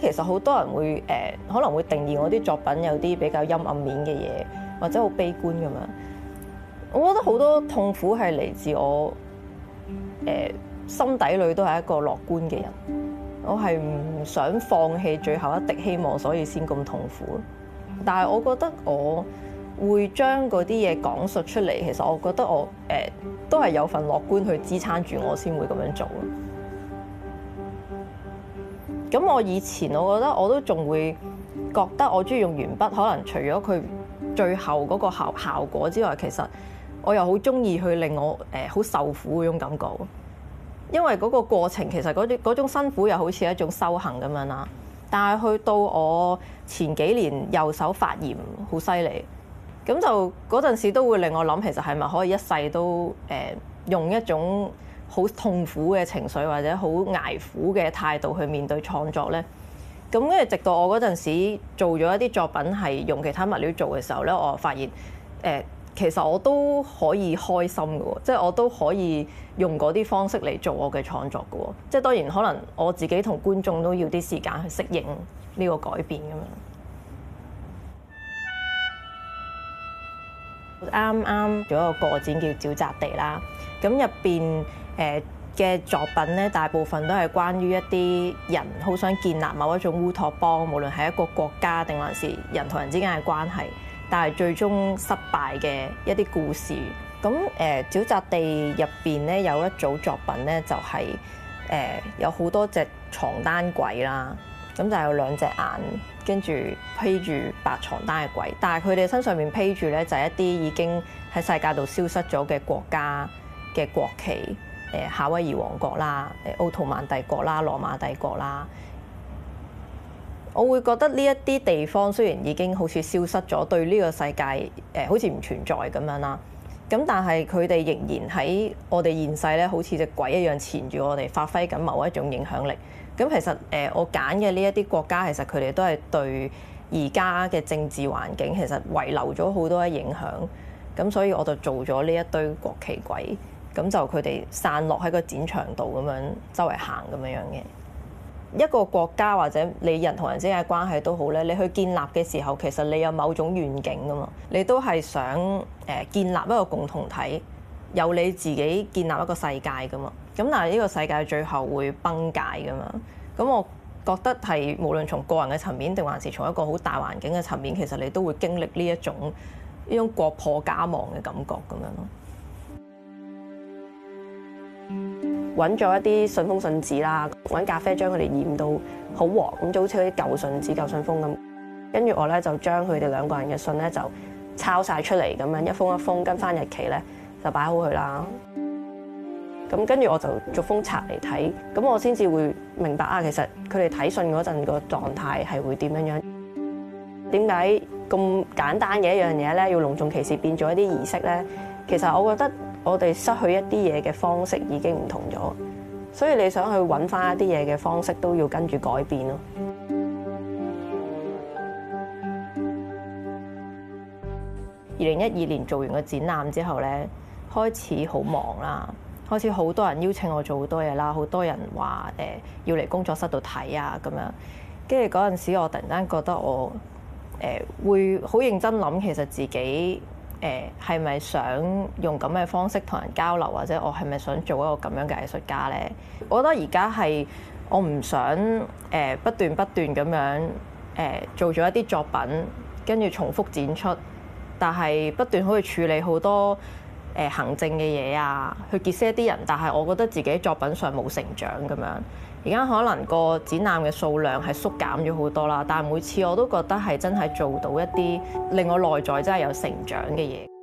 其實好多人會誒、呃，可能會定義我啲作品有啲比較陰暗面嘅嘢，或者好悲觀咁樣。我覺得好多痛苦係嚟，自我誒、呃、心底裏都係一個樂觀嘅人。我係唔想放棄最後一滴希望，所以先咁痛苦。但係我覺得我會將嗰啲嘢講述出嚟，其實我覺得我誒、呃、都係有份樂觀去支撐住我，先會咁樣做咯。咁我以前我覺得我都仲會覺得我中意用鉛筆，可能除咗佢最後嗰個效效果之外，其實我又好中意去令我誒好、呃、受苦嗰種感覺，因為嗰個過程其實嗰種嗰種辛苦又好似一種修行咁樣啦。但係去到我前幾年右手發炎好犀利，咁就嗰陣時都會令我諗，其實係咪可以一世都誒、呃、用一種好痛苦嘅情緒或者好捱苦嘅態度去面對創作呢。咁跟住直到我嗰陣時做咗一啲作品係用其他物料做嘅時候呢，我發現誒、呃、其實我都可以開心㗎喎，即係我都可以用嗰啲方式嚟做我嘅創作㗎喎，即係當然可能我自己同觀眾都要啲時間去適應呢個改變咁樣。啱啱做一個個展叫沼澤地啦，咁入邊誒嘅作品咧，大部分都係關於一啲人好想建立某一種烏托邦，無論係一個國家定還是人同人之間嘅關係，但係最終失敗嘅一啲故事。咁誒、欸、沼澤地入邊咧有一組作品咧，就係、是、誒、欸、有好多隻床單鬼啦，咁就有兩隻眼跟住披住白床單嘅鬼，但係佢哋身上面披住咧就係、是、一啲已經喺世界度消失咗嘅國家嘅國旗。誒夏威夷王國啦、誒奧圖曼帝國啦、羅馬帝國啦，我會覺得呢一啲地方雖然已經好似消失咗，對呢個世界誒好似唔存在咁樣啦。咁但係佢哋仍然喺我哋現世咧，好似隻鬼一樣纏住我哋，發揮緊某一種影響力。咁其實誒我揀嘅呢一啲國家，其實佢哋都係對而家嘅政治環境其實遺留咗好多嘅影響。咁所以我就做咗呢一堆國旗鬼。咁就佢哋散落喺個展場度，咁樣周圍行。咁樣樣嘅一個國家或者你人同人之間嘅關係都好咧，你去建立嘅時候其實你有某種願景噶嘛，你都係想誒、呃、建立一個共同體，有你自己建立一個世界噶嘛。咁但係呢個世界最後會崩解噶嘛。咁我覺得係無論從個人嘅層面定還是從一個好大環境嘅層面，其實你都會經歷呢一種呢種國破家亡嘅感覺咁樣咯。揾咗一啲信封信紙啦，揾咖啡將佢哋染到好黃，咁就好似嗰啲舊信紙舊信封咁。跟住我咧就將佢哋兩個人嘅信咧就抄晒出嚟，咁樣一封一封跟翻日期咧就擺好佢啦。咁跟住我就逐封拆嚟睇，咁我先至會明白啊，其實佢哋睇信嗰陣個狀態係會點樣樣？點解咁簡單嘅一樣嘢咧要隆重其事變咗一啲儀式咧？其實我覺得。我哋失去一啲嘢嘅方式已經唔同咗，所以你想去揾翻一啲嘢嘅方式都要跟住改變咯。二零一二年做完個展覽之後，咧，開始好忙啦，開始好多人邀請我做好多嘢啦，好多人話誒、呃、要嚟工作室度睇啊咁樣。跟住嗰陣時，我突然間覺得我誒、呃、會好認真諗，其實自己。誒係咪想用咁嘅方式同人交流，或者我係咪想做一個咁樣嘅藝術家呢？我覺得而家係我唔想誒、呃、不斷不斷咁樣誒、呃、做咗一啲作品，跟住重複展出，但係不斷可以處理好多。誒行政嘅嘢啊，去結識一啲人，但係我覺得自己作品上冇成長咁樣，而家可能個展覽嘅數量係縮減咗好多啦，但係每次我都覺得係真係做到一啲令我內在真係有成長嘅嘢。